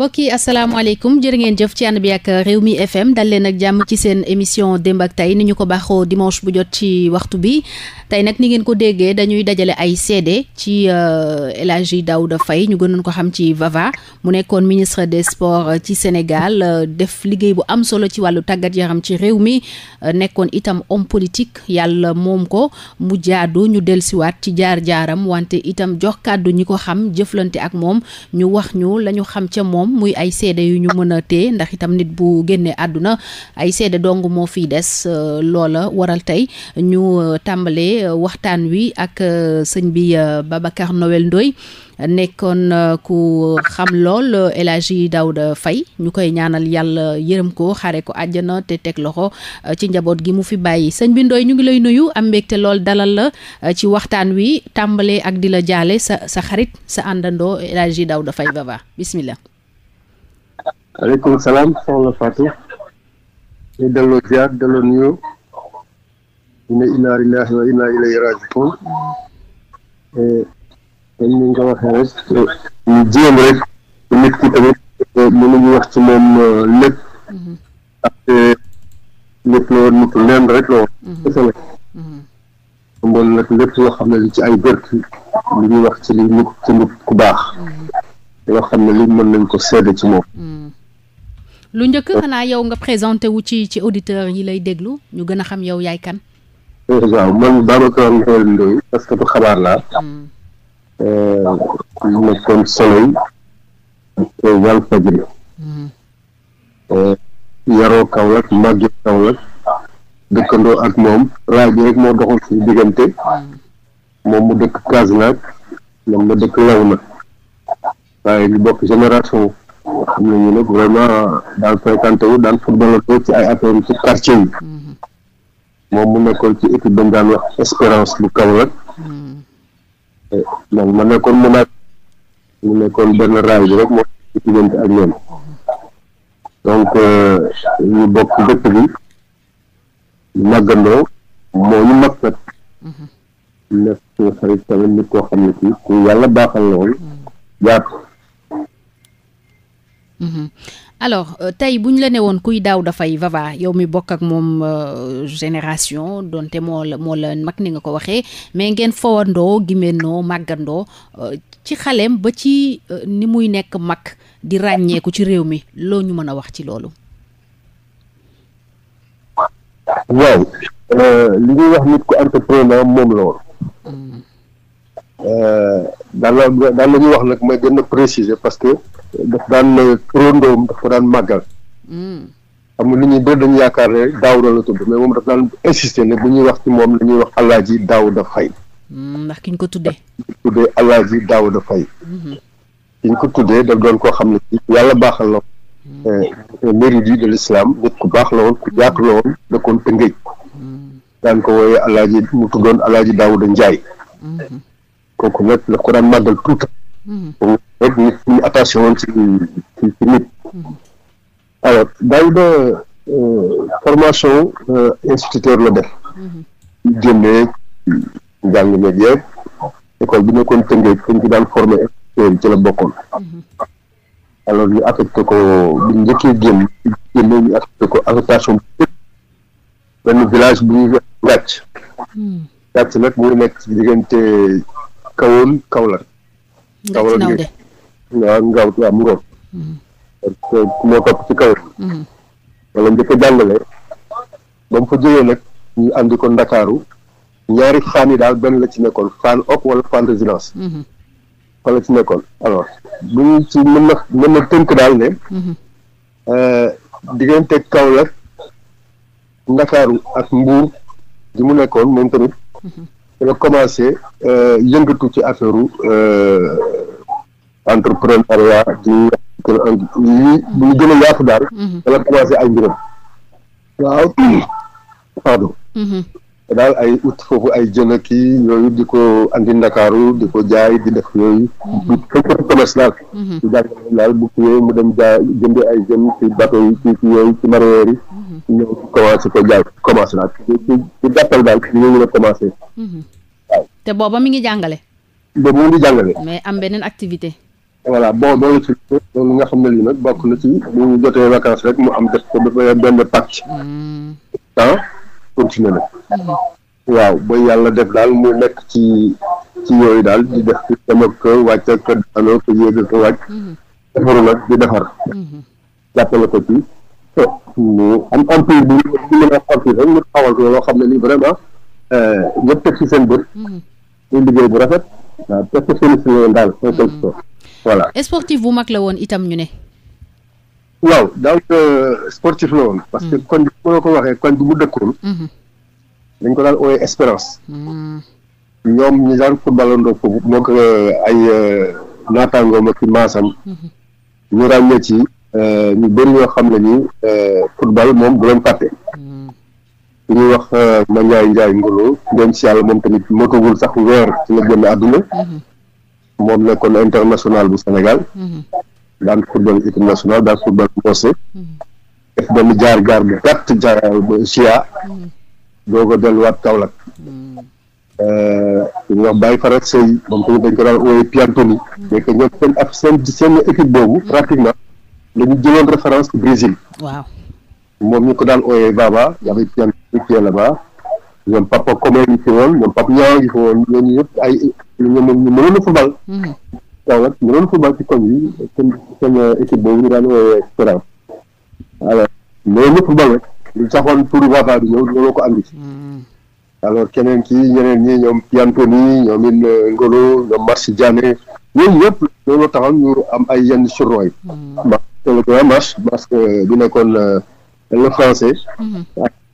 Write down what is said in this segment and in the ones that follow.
mbokk yi asalaamaaleykum jërë ngeen jëf ci ànd bi ak réew mi FM dal leen ak jàmm ci seen émission démb ak tey ni ñu ko baaxoo dimanche bu jot ci waxtu bi tey nag ni ngeen ko déggee dañuy dajale ay seede ci euh, El Hadji Daouda Faye ñu gënoon ko xam ci Vava mu nekkoon ministre des sports ci Sénégal euh, def liggéey bu am solo ci wàllu tàggat yaram ci réew mi euh, nekkoon itam homme politique yàlla moom ko mu jaadu ñu dellusiwaat ci jaar-jaaram wante itam jox kàddu ñi ko xam jëflante ak moom ñu wax ñu la ñu xam ca moom muy ay seede yu ñu mën a téye ndax itam nit bu génnee àdduna ay seede dong moo fi des euh, loola waral tey ñu euh, tàmbalee euh, waxtaan wi ak sëñ bi Babacar nowel Ndoye nekkoon ku xam lool El Hadji Daouda Faye ñu koy ñaanal yàlla yërëm ko xare ko àjjana te teg loxo ci njaboot gi mu fi bàyyi sëñ bi Ndoye ñu ngi lay nuyu am te lool dalal la ci waxtaan wi tàmbalee ak di la jaale sa sa xarit sa àndandoo El Hadji Daouda Faye Baba bismillah aleykum salaam soxna Fatou ñu delloo ziar delloo nuyoo ñu ne inna lillahi wa eh, ko waxee rek ñu jéem rek nit ki tamit eh, mënuñu wax ci moom eh, lépp mhm. ndaxte nit loo nit leen rek loo mhm. kese la mhm. nag lépp loo xam ne li ci ay bët li ñuy wax ci li nit ku baax yoo xam ne li mën nañ ko seede ci moom lu njëkk xanaa yow nga présenté wu ci ci auditeur yi lay déglu ñu gën a xam yow yaay kan. waaw man Babacar Mbaye Ndoye parce que bu xabaar laa. nekkoon hmm. euh, Soleil ak Walfadjri. Hmm. Euh, yaroo Kaolack màggee Kaolack dëkkandoo ak moom raay bi rek moo doxal suñu diggante hmm. moom mu dëkk Kasnack moom mu dëkk Léona waaye ñu bokk génération. xam nañu nag vraiment daan fréquenté wu daan football toog ci ay affaire ci quartier yi mhm. moom mu nekkoon ci équipe dañ daan wax espérance bu Kaolack donc mhm. ma nekkoon mu mu nekkoon benn raay bi rek moo ci diggante ak ñoom donc euh, ñu bokk dëkk bi ñu màggandoo mag nag mhm. nekk suñu xarit tamit nit koo xam ne kii ku yàlla baaxal la woon jàpp alors tey bu ñu la ne woon kuy daaw dafay vava yow mi bokk ak moom génération donte moo moo la mag ni nga ko waxee mais ngeen fowandoo gimennoo màggandoo ci xaleem ba ci ni muy nekk mag di ràññeeku ci réew mi loo ñu mën a wax ci loolu. waaw li ñuy wax nit ku entrepreneur moom la woon. daal la daal la ñuy wax nag may gën a préciser parce que. daf daan turandoom ko daan màggal. Hmm. xam nga nit ñi bëri dañu yaakaar ne Daouda la tudd mais moom daf daan insister ne bu ñuy wax ci moom la ñuy wax Alaaji Daouda Faye. Hmm, ndax ki ñu ko tuddee. tuddee Alaaji Daouda Faye. Hmm. ki ko tuddee daf doon koo xam ne yàlla baaxal la eh, mérite de l'islam nit ku baax la woon ku yaatu la woon dëkkoon Tëngéej. daan ko wooyee Alaaji mu tuddoon Alaaji Daouda Ndiaye. kooku nag daf ko daan màggal tuuta. rek nit ñi attention woon ci nit alors Daouda euh, formation euh, instituteur la def mm-hmm. génnee jàng meeg yëpp école bi nekkoon tëngee kuñ ci daan formé instituteur yi ci la bokkoon mm-hmm. alors ñu affecté ko bu njëkkee génn génne ñu affecté ko affectation benn village bu ñuy gàcc mm-hmm. gàcc nag nekk ci kawoon Kaolack waaw nga ci am ngoon. Mm-hmm. parce que moo topp ci kaw. Mm-hmm. wala njëkk a jàngale. ba mu fa jógee nag ñu andi ko Ndakaaru ñaari fan yi daal benn la ci nekkoon fan op wala fan résidence. Mm-hmm. fa la ci nekkoon alors bu ñu euh, mu nekkoon moom tamit. la commencé euh, yëngatu ci affaire euh, entrepreneuriat ci lii bu gën a yaatu daal. Mhm. dana commencé ay mbiram. waaw pardon. Mhm. daal ay ut foofu ay jën ak kii yooyu di ko andi ndakaaru di ko jaay di def yooyu. Mhm. di jàngale daal ko jaay commencé daal ci gàttal daal ñu ngi commencé. waaw te booba mi ngi jàngale. boobu mu ngi jàngale. mais am beneen activité. voilà bon loolu ci loolu nga xam ne lii nag bokk na ci bu ñu jotee vacances rek mu am def ko dafa benn pàcc. Mm. ah continuer nag. Mm. waaw ba yàlla def daal mu nekk ci ci yooyu daal di def ci dem ak wàcc ak daanoo ko yéeg ak wàcc. Mm-hmm. defaru nag di defar. Mm-hmm. jàppale ko ci. mu am empire bu ñu mën a empire rek ñu xawal ko loo xam ne lii vraiment euh, ñëpp teg ci seen bët. Mm-hmm. muy liggéey bu rafet. waa teg ci seen i daal en quelque sorte voilà sportif bu mag la woon itam ñu ne. waaw donc euh, sportif la woon. parce que mm. kon bi ko waxee koñ bi mu dëkkoon. Mm-hmm. dañ ko daan ooyee Espérance. Mm. ñoom ñu daan footballandoo foofu moog euh, ay euh, naataangoom ak maasam. Mm-hmm. ñu ràññee ci ñu bëri ñoo xam ne ni moom du leen fàtte. li mm. ñuy wax Mandiaye Ndiaye Ngolo doon ci yàlla moom tamit motogul sax weer ci la génn àdduna. Mm-hmm. moom nekkoon international bu Sénégal mhm. daan football équipe nationale daan football mosé mhm. def benn jaar gaar bu gàtt jaar Chia doo ko delluwaat Kaolack mhm. euh, ñu wax Baye Farak Sey moom tamit dañ ko daan wooye Piantoni mais que ñoom seen ak seen seen équipe boobu pratiquement la jëloon référence Brésil moom ñu ko daan wooye Baba y Piantoni qui est ñoom papa Komé ngi fi woon ñoom papa Niang ngi fi woon ñooñu yëpp a football. Hmm. waaw nag a football ci koñ yi seen seen équipe boobu ñu daan woowee Espérance alors mënoon na football rek lu taxoon turu Vava bi ñëw looloo ko andi. Hmm. alors keneen kii ñeneen Piantoni ñoom in euh, Ngolo ñoom Marci Diané ñooñu yëpp looloo taxoon ñu am ay yenn surnoy. parce que le grand match parce français. Hmm.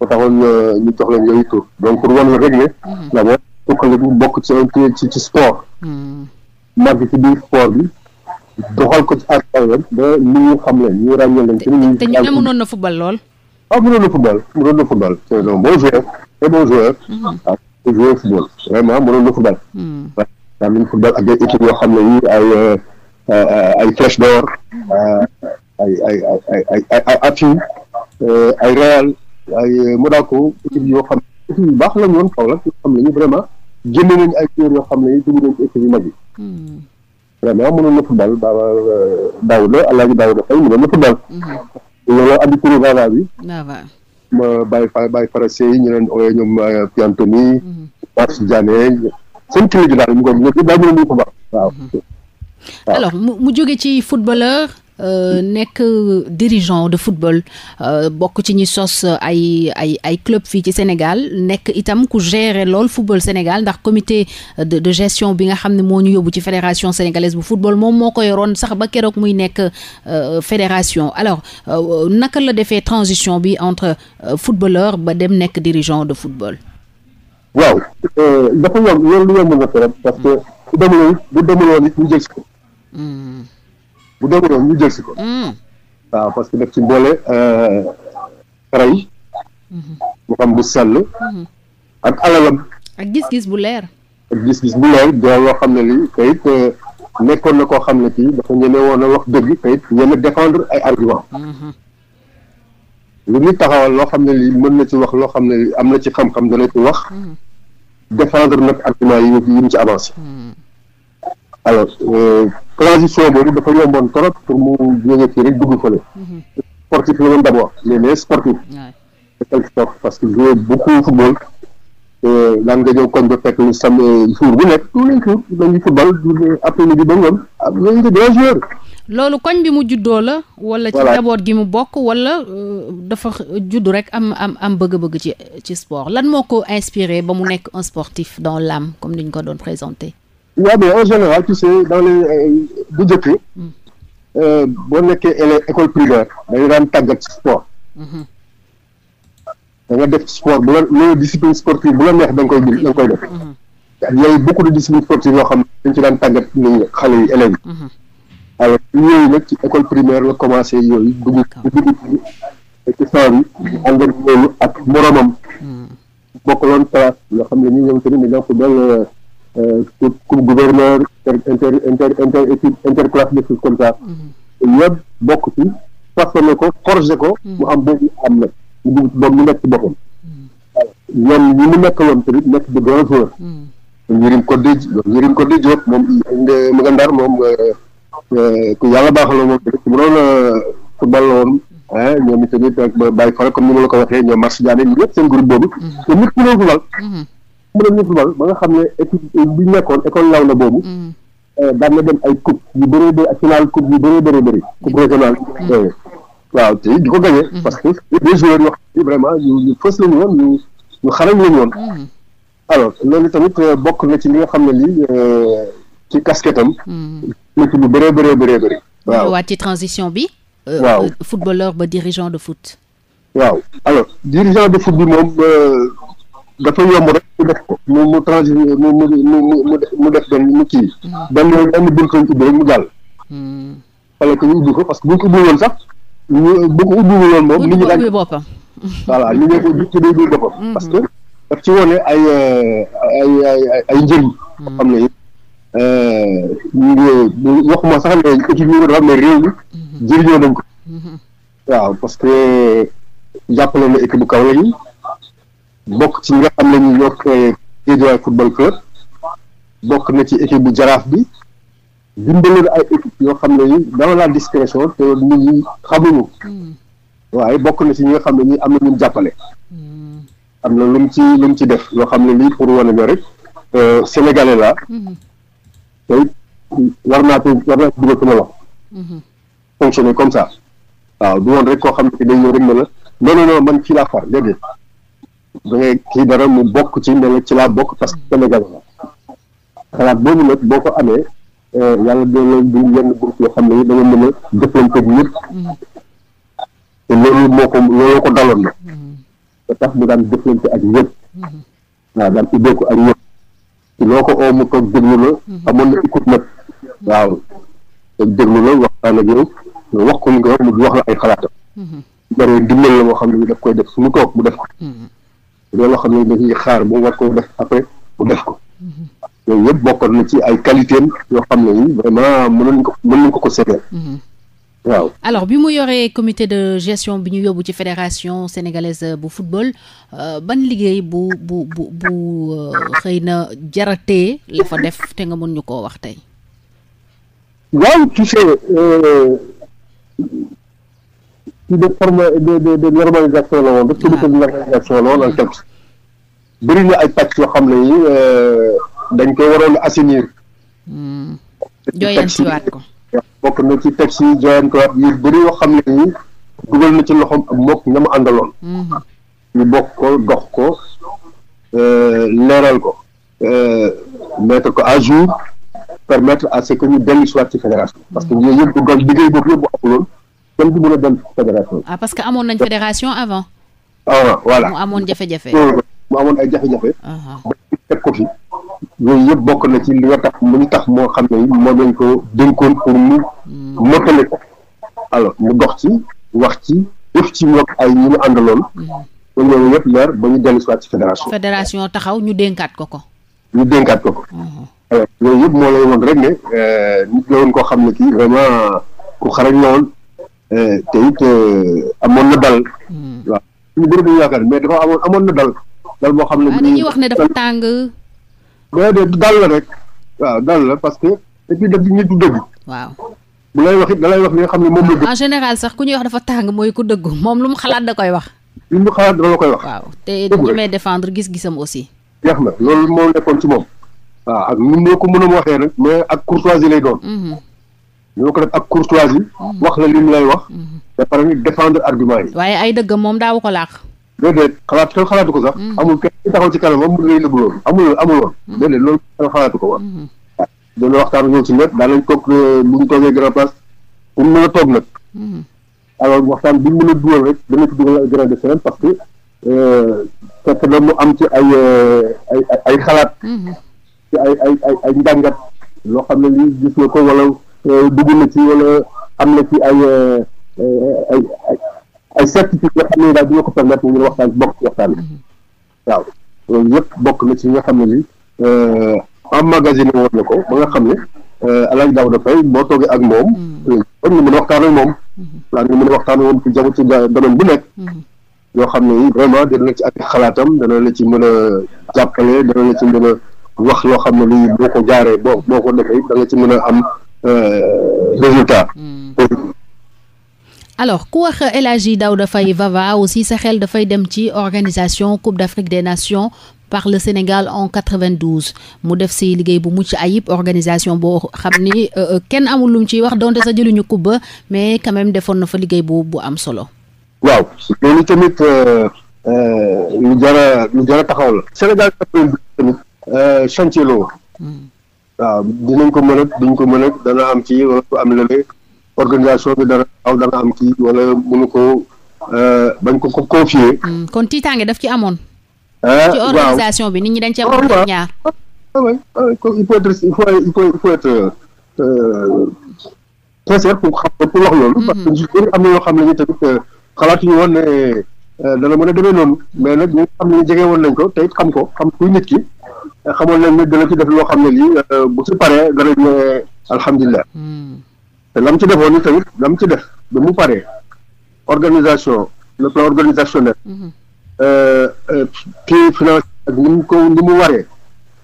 moo taxoon ñu jox leen yooyu tur donc pour wan la rek ne d'abord suqali bi bokk ci ci ci sport màgg ci biir sport bi doxal ko ci aar ayoon ba ni xam leen ñu ràññee leen te ñu mënoon na football lool ah mënoon na football mënoon na football c'est un bon joueur très bon joueur waaw joueur football vraiment mënoon na football daa football ak ay équipe xam ne yi ay ay d'or ay ay ay ay ay ay ay Real waaye euh, mu ko équipe yoo xam équipe yu baax la ñu woon Kaolack yoo xam ne ñu vraiment génne nañu ay joueurs yoo xam ne dugg nañ ci équipe yu mag yi. Hmm. vraiment mënoon na football daaw euh, Daouda Alaaji Daouda Faye mënoon na football. Hmm. loolu habitude Vava bi. ma bàyyi fa bàyyi farase yi ñu leen ooyee ñoom euh, Piantoni. Mars hmm. Diané seen kii bi daal mu ko ñoom daal ko baax waaw. alors mu jóge ci footballeur. Euh, nekk dirigeant de football euh, bokk ci ñi sos ay ay ay club fii ci Sénégal nekk itam ku gérer lool football Sénégal ndax comité de de gestion bi nga xam ne moo ñu yóbbu ci fédération sénégalaise bu football moom moo ko yoroon sax ba keroog muy nekk euh, fédération alors naka la defee transition bi entre footballeur ba dem nekk dirigeant de football. bu dëgëroon ñu jël si ko. Mm. waaw parce que daf ci boole xare euh, yi. Mm-hmm. xam bu sell. Mm-hmm. ak alalam. ak gis-gis bu leer. ak gis-gis bu leer doo loo xam ne lii kayit euh, nekkoon na koo xam ne kii dafa ñeme woon a wax dëgg kayit ñeme défendre ay argument mm-hmm. lu ñu taxawal loo xam ne li mën na ci wax loo xam ne lii am na ci xam-xam dana ci wax défendre nag argument yi yi mu ci avancé alors euh, transition boobu dafa yomboon trop rek dugg fële mhm. sportif la woon d' abord mais les parce que joué bu nekk tous les jours dañuy football après midi ba ngoon ah dañuy loolu koñ bi mu juddoo la wala ci gi mu bokk wala euh, dafa judd rek am am am bëgg-bëgg ci ci sport lan moo ko inspiré ba mu nekk un sportif dans l'âme comme ni ñu ko doon présenté waaw mais en général tu dans les euh, bu njëkk mm. euh, boo nekkee école primaire dañu daan tàggat sport mm-hmm. da nga def sport bu la loolu discipline sportive bu la neex da koy da nga koy def mm-hmm. yooyu beaucoup de disciplines sportives yoo xam dañ ci daan tàggat ni xale yi élèves yi mm-hmm. yooyu nag ci école primaire la commencé yooyu dugg dugg ci saa bi engrais loolu ak moromam bokkaloon yoo xam ne ñu ñëw tamit dañ ko dal coupe gouverneur inter inter inter équipe interclasse des choses comme ça. Mhm. yëpp bokk ci façonné ko forgé ko. Mhm. mu am benn am na mu dugg mu nekk ci boppam. Mhm. ñoom ñi mu nekk woon tamit nekk de grand joueur. Yérim Codé Yérim Codé Diop moom mu nga Ndar moom euh, euh, ku yàlla baaxal moom tamit ku mënoon a football la woon. ah ñoom itamit ak Baye Fall comme ni ma la ko waxee ñoom Mars Diané ñëpp seen groupe boobu. te nit ku doon football. mënoon ñu football ba nga xam ne équipe bi nekkoon école law la boobu mm. euh, daan na dem ay coupe yu bëree bëri ak final coupe yu bëree bëri bëri coupe mm. régionale mm. Euh, waaw te di ko gagné parce que des joueurs yoo xam ne vraiment ñu ñu fës lañu woon ñu ñu xarañ tamit euh, bokk na ci li nga xam ne lii ci ci lu bëree bëree bëree bëri waaw waat ci transition bi waaw footballeur ba dirigeant de foot waaw alors dirigeant de foot bi moom dafa yomb rek mu def ko mu mu transi mu mu mu mu def benn mu kii hmm. benn benn buntu lañ ubbi rek mu jàll fale hmm. ko ñu ko parce que bu ñu ko ubbi woon sax ñu bu ko ubbi woon moom nit ñi dañ voilà nit ñi hmm. parce que daf ci wone ay euh, ay ay ay njëriñ euh, xam ne ñu nañ ko waaw parce que jàppale na équipe bu kaw la bokk ci nga xam ne ñu yor Guédiawaye football club bokk na ci équipe bu jaraaf bi dimbali na ay équipe yoo xam ne yi dans la discrétion te nit ñi xamuñu hmm. waaye bokk na ci ñi nga xam ne ñi am na ñu jàppale am na lu hmm. ci lu mu ci def yoo xam ne lii pour wane nga rek euh, sénégalais la hmm. tey war naa ko war naa fonctionner comme ça waaw du woon rek koo xam ne day ñëw rek ne la non non man kii laa far déedéet da kii dara mu bokk ci ne ci laa bokk parce que Sénégal la xalaat boobu nag boo ko amee euh, yàlla doon la du yenn groupe yoo xam ne da nga mën a jëflanteeg ñëpp mm-hmm. mm-hmm. mm-hmm. waaw daan ubbeeku ak ñëpp ci loo ko oo mu toog déglu la amoon na écoute nag waaw toog déglu la waxtaan ak yow wax ko li nga wax mu wax la ay xalaatam bare dimbal la boo xam ne daf koy def su mu toog mu def loolu loo xam ne dañuy xaar bu war koo def après bu def ko yooyu yëpp bokkoon na ci ay qualité am yoo xam ne yi vraiment mënoon ko ko ko mhm. waaw alors bi mu yoree commité de gestion bi ñu yóbbu ci fédération sénégalaise bu football euh, ban liggéey bu bu bu euh, xëy na jaratee la fa def te nga mën ñu koo wax tey waaw tu sais euh, kii de forme de de normalisation la woon. waaw de ah. normalisation la woon en quelque bëri na ay pàcc yoo xam ne yi euh, dañ koy waroon a assainir. Hmm. jooyantiwaat ko bokk na ci taxi yi jooyantiwaat yu bëri yoo xam ne yi dugal na ci loxoom ak mbokk ña mu àndaloon. Hmm. ñu bokk ko dox ko euh, leeral ko. Euh, mettre ko à jour permettre à ce que ñu dellu si waat ci fédération. parce que hmm. yooyu yëpp doon liggéey boobu yëpp bu amuloon. kenn du mën a dem fédération ah, parce que amoon nañ fédération avant. ah mu amoon jafe-jafe. mu amoon ay jafe-jafe. Ah, ah. ko fi. yooyu yëpp bokk na ci li nga tax mu ngi tax moo xam ne moom lañ ko dénkoon pour mu. Hmm. mottali ko. alors mu dox ci wax ci def ci mook ay ñi mu àndaloon. ba hmm. leer ba ñu dellu si ci fédération. fédération taxaw ñu dénkaat ko ko. ñu dénkaat ko ko. yooyu hmm. yëpp moo lay woon rek ne euh, nit la woon koo xam ne kii vraiment ku xarañ la woon. te it euh, amoon na dal. Hmm. waaw suñu bëri dañu yaakaar mais dafa amoon amoon na dal. dal boo xam ne ah, dañuy wax ne dafa tàng. déedéet dal la rek waaw dal la parce que dañuy def nit ñi dëgg. waaw bu lay wax it da lay wax li nga xam ne moom la. en général sax ku ñuy wax dafa tàng mooy ku dëgg moom lu mu xalaat da koy wax. lu mu xalaat da la koy wax. waaw te dañu may defendre gis-gisam aussi. jeex na loolu moo nekkoon ci moom. waaw ak ni mu ko mën a waxee rek mais ak courtoisie lay doon. Hmm. dina ko def ak courtoisie mm. wax la li mu lay wax da mm-hmm. pare ñu défendre argument yi waaye ay dëgg moom daawu ko laax déedéet xalaat xel xalaatu ko sax mm. amul kenn taxaw ci kanam moom mu lay nëbb loolu amul amul woon mm. déedéet loolu xel xalaatu ko woon dana mm-hmm. ah, waxtaan ñoom si lépp daan nañ toog euh, bu ñu toogee grand place pour mën a toog nag mm-hmm. alors waxtaan bu ñu mën a dugal rek dana ci dugal ay grain de parce que euh, fekk na mu am ci ay euh, ay xalaat ci ay ay njàngat loo xam ne lii gis nga ko wala dugg na ci wala am na ci ay ay ay certitude yoo xam ne daal dina ko permettre ngeen waxtaan bokk ci waxtaan bi mhm. waaw loolu yëpp bokk na ci nga xam ne ni euh, emmagasiné woon na ko ba nga xam ne euh, Alaaji Daouda Faye boo toogee ak moom mhm. euh, a waxtaan ak moom daan mhm. nga mën a waxtaan woon ci jamono ci domaine bu nekk yoo xam ne yi vraiment dina la ci ak xalaatam dana la ci mën a jàppale dana la ci mën a wax loo xam ne lii boo ko jaaree boo boo ko defee da nga ci mën a am Euh, résultat. Hmm. alors ku wax El Hadji Daouda Faye Vava aussi sa xel dafay dem ci organisation Coupe d'Afrique des Nations par le Sénégal en 92 mu def si liggéey bu mucc ayib organisation boo xam ni euh, euh, kenn amul lum ciy wax donte sa jëluñu coupe ba mais quand defoon na fa liggéey bu bu am solo. waaw loolu tamit lu jara lu jara taxaw la. Sénégal tamit waaw dinañ ko mën a duñ ko mën a dana am ci wala du am lële organisation bi dana aw dana am kii wala mënu ko euh, bañ ko ko confier. Hmm, kon tiitaange daf ci amoon. Ah, ci organisation bi nit ñi dañ ci amoon ñaar. Ah, ah, il faut être il faut il faut il faut être euh, sincère pour xam pour wax loolu. Hmm, hmm. parce que ñu bëri am na yoo xam ne tamit euh, xalaatuñu woon dana mën a demee noonu mais nag ñi nga xam ne jege woon nañ ko te xam ko xam kuy nit ki. xamoon nañ ne dana ci def loo xam ne lii euh, bu si paree danañ ne alhamdulilah. Hmm. te lam ci defoon ni tamit lam ci def ba mu paree organisation le plan organisationnel. Hmm. Euh, euh, mu ko ni mu waree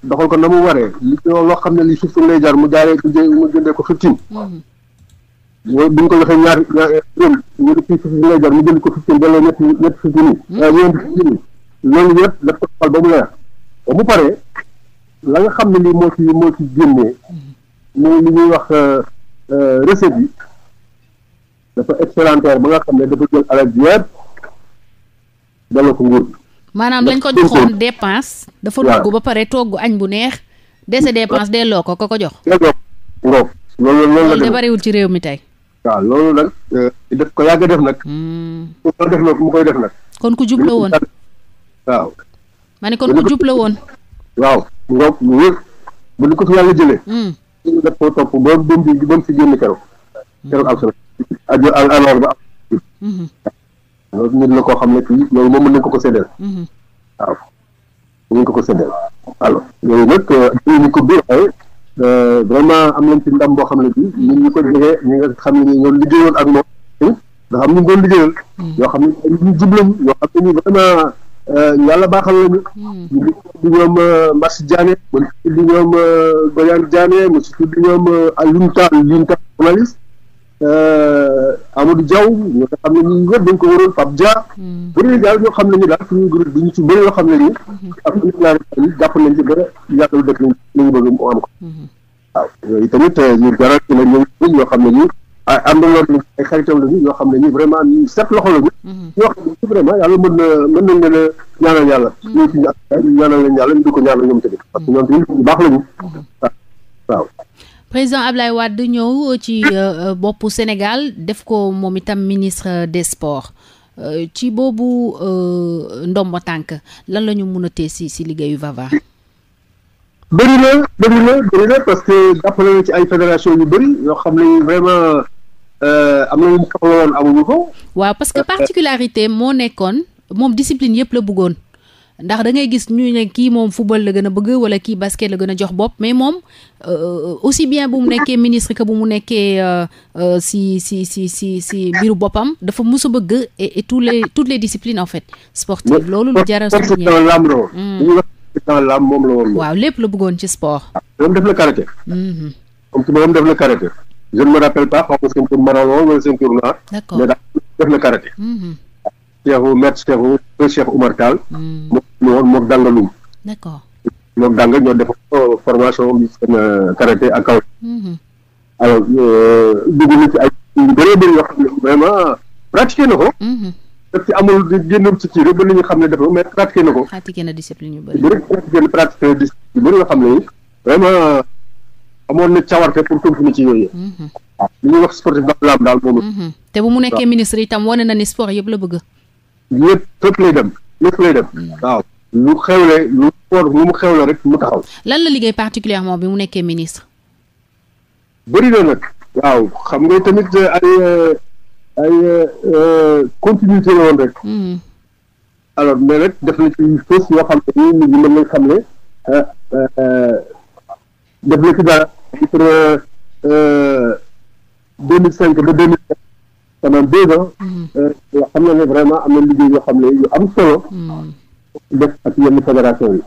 doxal ko na mu waree li loo xam ne lii fifteen lay jar mu jaaree ko jë mu jëndee ko fifteen. Hmm. mooy bu ñu ko joxee ñaar ñaar ñoom ñu ne kii jar mu jënd ko fifteen ba ñetti ñetti fifteen yi. ñeenti loolu yëpp daf ko ba mu leer. ba mu paree la nga xam ne lii moo ci moo ci génnee muy li ñuy wax euh, euh, recette yi dafa excédentaire ba nga xam ne dafa jël alal ji ko nguur maanaam lañ ko joxoon dépense dafa dugg ba pare togg añ bu neex dese dépense delloo ko ko ko jox ngoof loolu loolu la bariwul ci réew mi tey waaw loolu nag euh, def ko yàgg def nag ku hmm. ko def nag mu koy def nag kon ku jubla woon waaw ma ne kon ku jub la woon. waaw nga mu wér bu ni ko fi yàlla jëlee. Hmm. ko topp ba mu fi génn keroog. Hmm. keroog am solo aju alarba am. loolu nit xam ne kii loolu moom mën ko ko waaw mën nañ ko ko séddale yooyu hmm. nag euh, ñu ko biir ay euh, vraiment am nañ ci ndam boo xam ne bii ñun ñu ko jege ñi nga xam ne ñoo liggéeyoon ak moom. dafa am liggéeyal. yoo xam ne ñu jublam yoo xam ne ñu vraiment. Euh, yàlla baaxal nañu. di hmm. ñoom euh, Massi Diané ma di ñoom euh, Goyane Diané ma di ñoom Alioune Tall Lioune Tall journaliste Amadou Diaw ñoo nga xam ne ñu ñëpp ko waroon Pape Dia. Hmm. bëri na daal ñoo xam ne ñu daal suñu groupe bi ñu ci bëri xam ne nii. Hmm. am nañu ñaari fan yi jàpp nañ ci ba yàggal dëkk nañ li ñu bëgg mu la ñoom ñoo xam ne am na loolu ay xaritam la ñu yoo xam ne ñi vraiment ñu set loxo la ñu. Mhm. yoo xam ne vraiment yàlla mën na mën nañ leen a ñaanal yàlla. Mhm. ñoo ci ñaanal leen yàlla ñu di ko ñaanal ñoom tamit. parce que ñoom tamit ñu baax la ñu. Mhm. waaw. président Ablaye Wade ñëw ci euh, euh, boppu Sénégal def ko moom itam ministre des sports euh, ci boobu ndombo tànk lan la ñu mun a téye si si liggéeyu Vava. bëri na bëri na parce que jàppale na ci ay fédération yu bëri yoo xam ne vraiment euh, am na ñu soxla woon amuñu ko. waaw parce que euh, particularité moo nekkoon moom discipline yëpp la bëggoon ndax da ngay gis ñu ne kii moom football la gën a bëgg wala kii basket la gën a jox bopp mais moom euh, aussi bien bu mu nekkee ministre que bu mu nekkee si si si si si mbiru boppam dafa mos a bëgg et tous les toutes les disciplines en fait sportive loolu lu jar a. dans l'âme moom la woon. waaw lépp la bëggoon ci sport. ah moom def na karaté. Mm-hmm. comme que moom def na karaté. je ne me rappelle pas xaw ma ceinture marron la woon wala ceinture noire. d'accord mais daal def na karaté. cheikhu maître cheikhu un cheikh Oumar Tall. Mm-hmm. moom la woon moog danga lum. d'accord moog danga ñoo def formation bi seen euh, karaté ak kaw. Mm-hmm. alors euh, dugg na ci ay yu bëree bëri yoo xam ne vraiment pratiqué na ko. daf ci amul génn ci kii rek ba li ñu xam ne dafa mais pratiqué na ko. pratiqué na discipline yu bëri. na xam ne vraiment amoon na cawarte pour continuer ci yooyu. Mhm. Ah, li ñuy wax sportif daal daal moom. Mhm. te bu mu nekkee ministre itam wane na ni sport yëpp la bëgg. yëpp fépp lay dem lépp lay dem. Mm. waaw lu xewle lu sport lu mu xewle rek mu taxaw. lan la liggéey particulièrement bi mu nekkee ministre. bëri na nag. waaw xam nga tamit ay. Euh, ay euh, euh, continuité la woon rek. Hmm. alors mais nag def na ci fës yoo xam ne nii nit ñi xam ne euh, def na ci deux mille cinq ba deux mille sept pendant deux ans. Hmm. yoo xam ne ne vraiment am na liggéey yoo xam ne am solo. Hmm. def ak yenn fédération yi.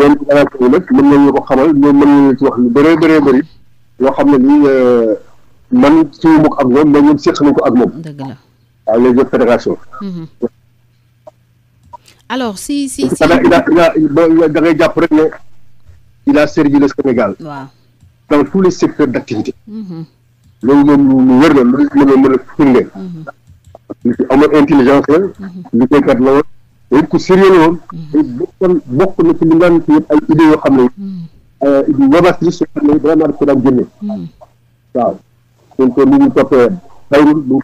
yenn fédération yi nag mën nañu ko xamal ñoom mën nañu ci wax yoo xam ne nii. man suñu ma ko ak moom mais ñoom seq nañu ko ak moom. dëgg waaw les autres fédérations. Mhm. alors si si si. xanaa a il a da ngay jàpp rek ne il a servi Sénégal. dans tous les secteurs d' activité. Mhm. moom lu wér la loolu la mën a firndeel. Mhm. lu amoon intelligence la. liggéeykat la woon. lépp ku sérieux la bokk na ci li nga xamante ay idées yoo xam ne. idées novatrices yoo xam ne vraiment daf ko daan génne. waaw. dañ mhm.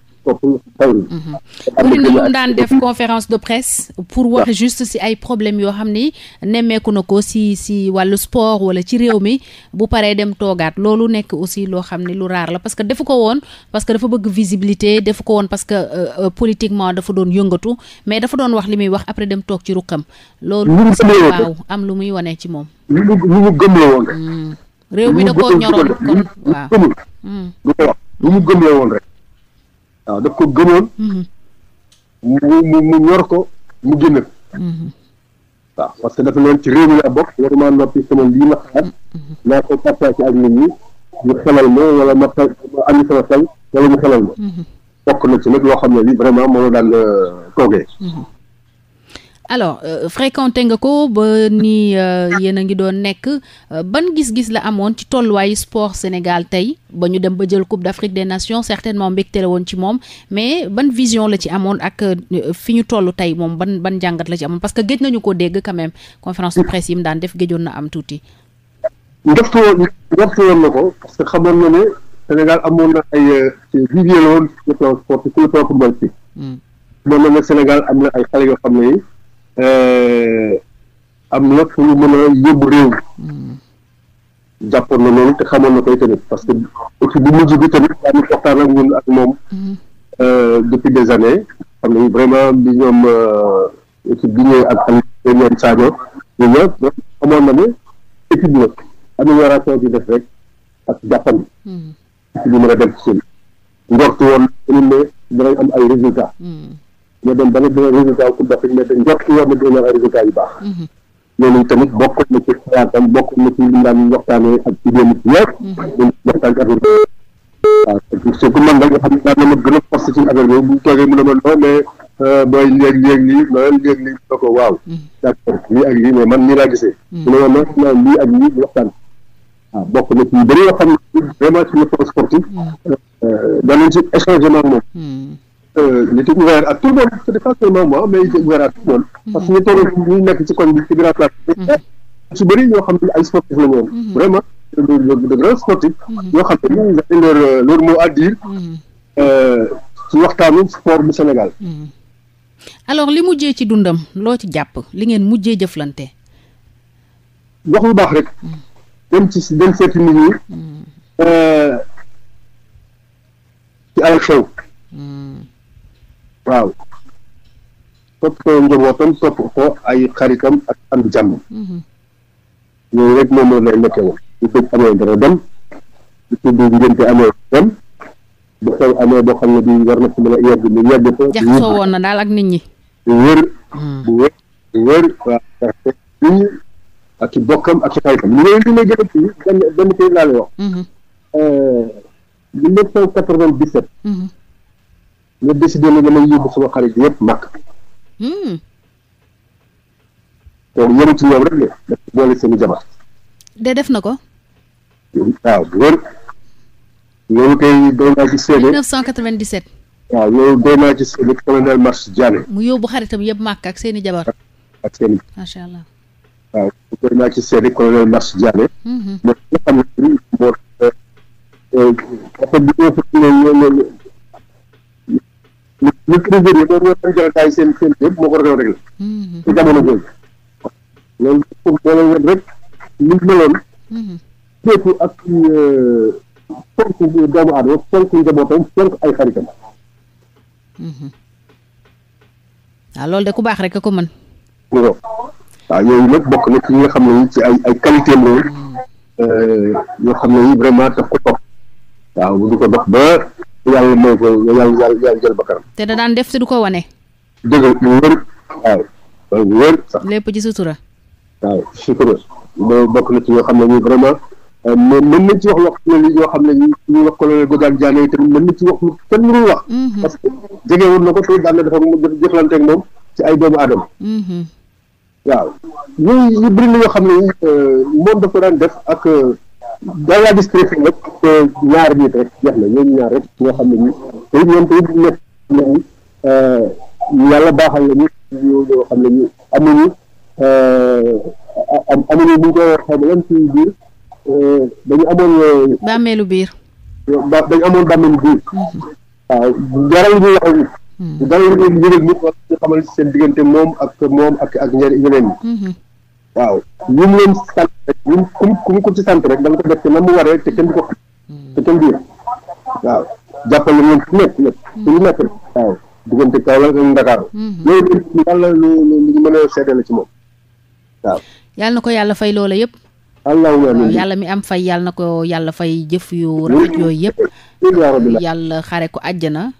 daan def conférence de presse pour wax si ay problème yoo xam ni nemmeeku na ko si si wàllu sport wala ci réew mi bu paree dem toogaat loolu nekk aussi loo xam ne lu raar la parce que defu ko woon parce que dafa bëgg visibilité defu ko woon parce que euh, euh, politiquement dafa doon yëngatu mais dafa doon wax li muy wax après dem toog ci ruqam loolu waaw am lu muy wane ci moom lu mu gëm mm. réew mi da ñoroon waaw du ko wax lu mu gëmee woon rek waaw daf ko gëmoon mu mu ñor ko mu génn waaw parce que dafa leen ci réew mi laa bokk ma xalaat naa ko partagé ak nit ñi ñu xelal ma wala ma xel ma ami sama xel wala mu xelal ma bokk na ci nag loo xam ne lii vraiment moo la daan euh, toogee alors euh, fréquenté nga ko ba ni euh, yéen a ngi doon nekk euh, ban gis-gis la amoon ci tolluwaayu sport Sénégal tey ba ñu dem ba jël Coupe d'Afrique des Nations certainement mbégte la woon ci moom mais ban vision la ci amoon ak fi ñu toll tey moom ban ban jàngat la ci amoon parce que géej nañu ko dégg quand même conférence de presse yi mu daan def géejoon na am tuuti. njortu woon njortu na ko parce que xamoon na ne Sénégal amoon na ay hmm. xale yoo xam ne yi Eh, am na fu ñu mën a yóbbu réew mi hmm. jàppoon na loolu te xamoon na koy tamit parce que aussi bu mujj bi tamit daanu waxtaan ak ñun ak moom hmm. eh, depuis des années xam nañu vraiment bi ñoom eh, équipe bi ak ak ñoom Sadio xamoon na ne équipe la amélioration bi def rek ak jàppandi ñu hmm. mën a dem ci seen woon am ay résultats ñoo dem ba nga dina résultat wu coupe d'Afrique mais dañ njort ci yoon na dina wax résultat yu baax mhm. loolu tamit bokk na ci xalaatam bokk na ci lim daan waxtaanee ak mhm. ci démb ci yëpp dañ waxtaan ci affaire bi waaw su ko mën nga xam ne daan na gën a forcé ci affaire boobu bu ne ma gisee mhm. mu ne ma non non ak lii waxtaan bokk na ci bëri xam ne ci le sport sportif euh, euh, ci échanger moom euh, il était ouvert à tout le monde c'était pas seulement moi mais il était ouvert à tout le monde. Mm-hmm. parce que ñu toog ñu nekk ci waxtaanu sport bu Sénégal. Mm-hmm. alors li mujjee ci dundam loo ci jàpp li ngeen mujjee jëflante. wax lu baax rek. Mm-hmm. dem ci dem seeti nit ñi. Euh, ci ay xew. waaw topp ko njabootam topp ko ay xaritam ak am jàmm loolu mm-hmm. rek moom lay nekke woon bu dëj amee dana dem bu xew amee boo xam ne bi war na ko mën a mu yegg ko jaxasoo woon na daal ak nit ñi bu wër bu mm. wër bu wër waaw nit ñi ak bokkam ak xaritam li may li may gën a kii benn benn kii laa lay wax mm-hmm. euh, mille neuf cent quatre vingt dix mm-hmm. nga décidé ne damay yóbbu sama xarit yëpp màkk. donc hmm. yéen ci ñoom rek la boole seen jabar. de def na ko. waaw loolu. loolu kay doy naa ci seede. 1997. mu yóbbu xaritam yëpp màkk ak seen jabar. ak seeni i. macha allah. waaw doy naa ci seede colonel Mars Diané. mooy hmm, hmm. nga xam ne moo. parce que bu ñu ko le le trésorier boobu nga doon jël taay seen seen loolu de ku baax rek a ko mën. waaw ah, yooyu nag bokk na ci nga xam ne ci ay ay qualité am mhm. euh, yoo xam ne vraiment daf ko topp. waaw bu ñu ko dox ba. yàlla may ko yàlla yàlla jël bakkanam. te da daan def te du ko wane. dëgg lu wër waaw lu wër sax. lépp ci sutura. waaw sutura loolu bokk na ci yoo xam ne ñu vraiment euh, mais mën nañ ci wax wax ne li yoo xam ne ñu wax ko la Bougane Diagne tamit mën nañ ci wax lu kenn mënul wax. Mhm. parce que na ko te daan na dafa jëflante ak moom ci ay doomu aadama. Mhm. waaw yooyu yu bëri na yoo xam ne euh, moom dafa daan def ak. Euh, daal waa district nag ñaar nit rek jeex na ñooñu ñaar rek ñoo xam ne ñu te it yàlla baaxal na ñu ñoo xam ne ñu am nañu euh, am amuñu bu ñu koy waxee ba lan biir euh, dañu amoon. Euh, bàmmeelu biir. ba dañu amoon bàmmeelu biir. Mm-hmm. waaw jaral ñu wax mm-hmm. xamal seen diggante moom ak moom ak ak ñeneen ñeneen ñi. Mm-hmm. waaw ñu mu leen sant rek ñu ko da nga ko def te na mu waree te kenn du ko hmm. te kenn du waaw jàppale leen fu nekk nekk rek waaw diggante Kaolack Ndakaaru hmm. loolu moom yàlla na ko yàlla fay loola yëpp yàlla mi am fay yàlla na ko yàlla fay jëf yoo rafet yooyu yëpp yàlla xare ko àjjana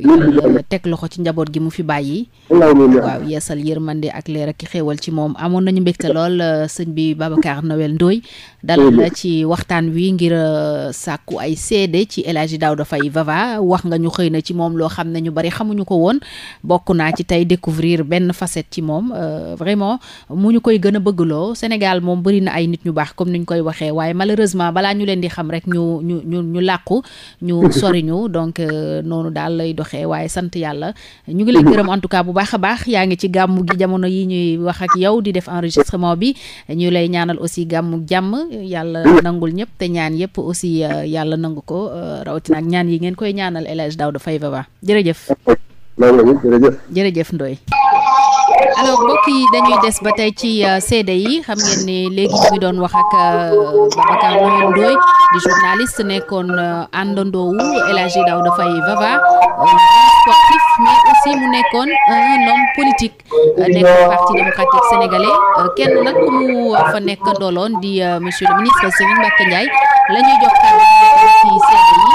yàlla teg loxo ci njaboot gi mu fi bàyyi waaw yeesal yërmande ak leer ak xéewal ci moom amoon nañu mbégte lool euh, sëñ bi Babacar Noël Ndoye dalal ci waxtaan wi ngir euh, sàkku ay seede ci El Hadji Daouda Faye Vava wax nga ñu xëy na ci moom loo xam ne ñu bari xamuñu ko woon bokk naa ci tey découvrir benn facette ci moom euh, vraiment mu ñu koy gën a bëggloo Sénégal moom bëri na ay nit ñu baax comme ni ñu koy waxee waaye malheureusement balaa ñu leen di xam rek ñu ñu ñu ñu làqu ñu soriñu donc euh, noonu daal lay doxee waaye sant yàlla ñu ngi lay mhm. gërëm en tout cas bu baax a baax yaa ngi ci gàmmu gi jamono yi ñuy wax ak yow di def enregistrement bi ñu lay ñaanal aussi gàmmu jàmm yàlla mhm. nangul ñëpp te ñaan yëpp aussi euh, yàlla nangu ko euh, rawatina ak ñaan yi ngeen koy ñaanal El Hadj Daouda Faye Baba jërëjëf jërëjëf Ndoye alors mbokk yi dañuy des ba tey ci euh, seede yi xam ngeen ni léegi ñu doon wax ak euh, Babacar Mouye Ndoye nekkoon euh, àndandoowu El Hadji daw Faye Vava sportif mais aussi mu nekkoon un homme politique nekk parti démocratique sénégalais kenn nag mu fa nekk ndooloon di monsieur le ministre Serigne Mbacké Ndiaye jox kàddu ci seede yi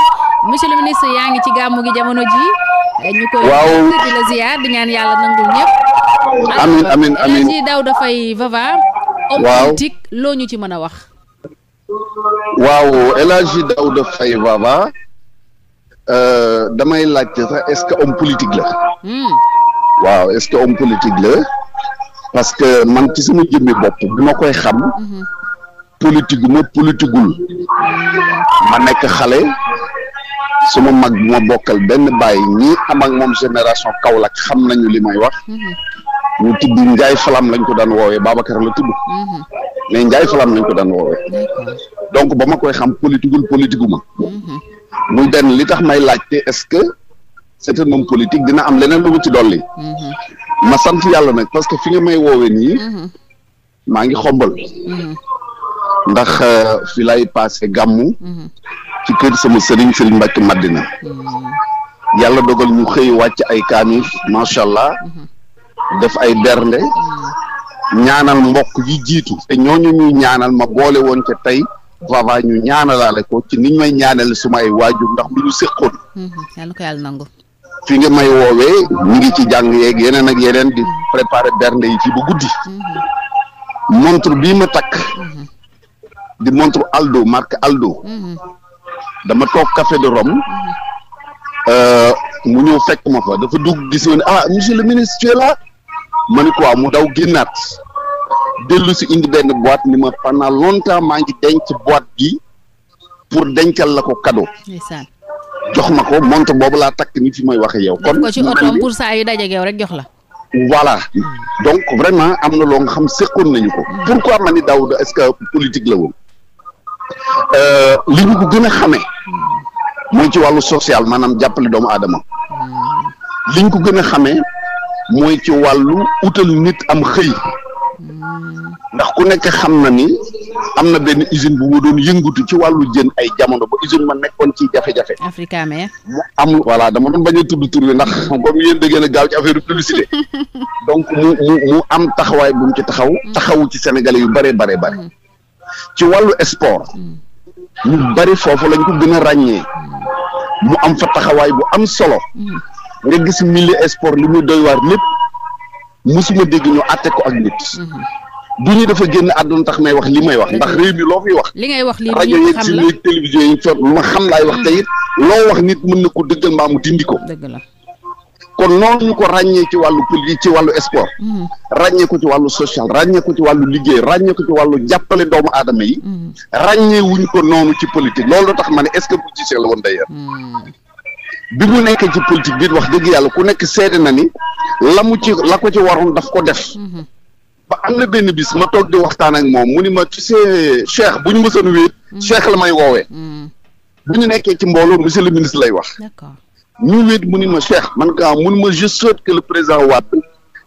monsieur le ministre yaa ngi ci gàmmu gi jamono ji ñu koy di la ziar di ñaan yàlla nangul ñëpp amin amin amin ci daaw dafay vava loo ñu ci mën a wax waaw El Hadji Daouda Faye Vava euh, damay laajte sax est-ce que homme politique la hmm. waaw la parce que man ci suma jëmmi bopp bi ma koy xam mhm. politique ma politiqueul ma nekk xale suma mag bu ma bokkal benn bàyyi ñi am ak moom génération Kaolack xam nañu li may wax mhm. bu tudd Njaay Falam lañ ko daan woowee Babacar la tudd mhm. mais Njaay Falam lañ ko daan woowee donc ba ma koy xam politigul politiguma mhm. muy benn li tax may laaj est-ce que c'est un homme politique dina am leneen lu mu ci dolli mhm. ma sant yàlla nag parce que fi nga may woowe nii maa ngi xombal ndax euh, fi lay passé ci kër sama sëriñ sëriñ Mbàkke Madina yàlla dogal ñu xëy wàcc ay kaamif macha allah. def ay bernde ñaanal mbokk yi jiitu te ñooñu ñuy ñaanal ma boole woon ca tey vava ñu ñaanalaale ko ci niñ may ñaanal suma ay waajur ndax lu ñu séqoon mhm. yàlla ko yàlla nangu fi may woowee ñu ngi ci jàng yeeg yeneen ak yeneen di préparer bernde yi ci bu guddi mhm. montre bii ma takk mhm. di montre Aldo marque Aldo dama toog café de Rome euh, mu ñëw fekk ma fa dafa dugg gis ne ah monsieur le ministre tu ma ni quoi mu daw génnaat dellu si indi benn boîte ni ma pendant longtemps maa ngi denc boîte bi pour dencal la ko cadeau. jox ma ko moonte boobu laa takk ni fi may waxe yow. kon ko ci otoom pour saa yu dajeeg yow rek jox la. voilà hmm. donc vraiment am na loo nga xam seqoon nañu ko. Hmm. pourquoi ma ni Daouda est-ce que politique la woon euh, li ñu ko gën a xamee hmm. mooy ci wàllu social maanaam jàppale doomu aadama li ñu ko gën a xamee mooy ci wàllu wutal nit am xëy ndax ku nekk xam na ni am na benn usine bu ma doon yëngatu ci wàllu jën ay jamono ba usine ma nekkoon ci jafe-jafe. Africamer. mu am voilà dama bañ a tudd tur bi ndax comme yéen da ngeen a gaaw ci affaire donc mu mu am taxawaay bu mu ci taxaw. taxawu ci Sénégalais yu bëree bare bëri. Mm. ci wàllu esport mm. ñu bëri foofu lañ ko gën a ràññee. Mm. mu am fa taxawaay bu am solo. nga gis milieu sport li muy doy waar lépp musuma dégg ñu àtte ko ak nit. Mhm. bu ñu dafa génn àdduna tax may wax li may wax ndax mhm. réew mi loo fiy wax. li ngay wax lii rajo yi ci léegi télévision yi fa ma xam laay wax mhm. tey it loo wax nit mën na ko dëggal mbaamu mu dindi ko. dëgg la kon noonu ñu ko ràññee ci wàllu politique ci wàllu sport. ràññee ko ci wàllu social ràññee ko ci wàllu liggéey ràññee ko ci wàllu jàppale doomu aadama yi. ràññee wuñ ko noonu ci politique loolu tax ma ne est-ce que bu gisee la woon bi mu nekkee ci politique bi wax dëgg yàlla ku nekk sedd na ni la mu ci la ko ci waroon daf ko def. Mhm. ba am na benn bis ma toog di waxtaan ak moom mu ni ma tu sais Cheikh bu ñu mësoon wéet. Mhm. Cheikh la may woowee. Mhm. bu ñu nekkee ci mbooloo monsieur le ministre lay wax. ñu wéet mu ni ma Cheikh man ka mu ni ma je souhaite que le président Wade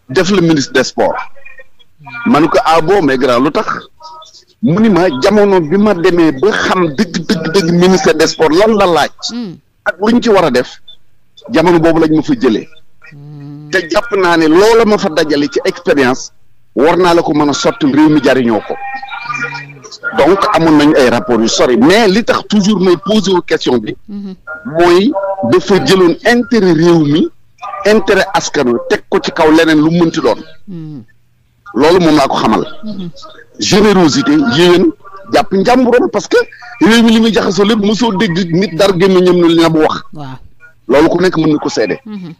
def le ministre de sports. ma ne ko ah bon mais lu tax. mu ni ma jamono bi ma demee ba xam dëgg dëgg dëgg ministère de sport lan la laaj. ak lu ñu ci war a def jamono boobu lañ ma fa jëlee hmm. te jàpp naa ne loola ma fa dajale ci expérience war naa la ko mën a sotti réew mi jariñoo ko donc amoon nañu ay rapport yu sori mais li tax toujours may posé wu question bi hmm. mooy dafa jëloon intérêt réew mi intérêt askan wi teg ko ci kaw leneen lu mënti doon hmm. loolu moom laa ko xamal générosité yéen jàpp njàmburam parce que réew mi li muy jaxasoo lépp mosoo dégg nit dar gémmiñam ne li na bu wax. waaw loolu ko nekk mën na ko seede. Mhm.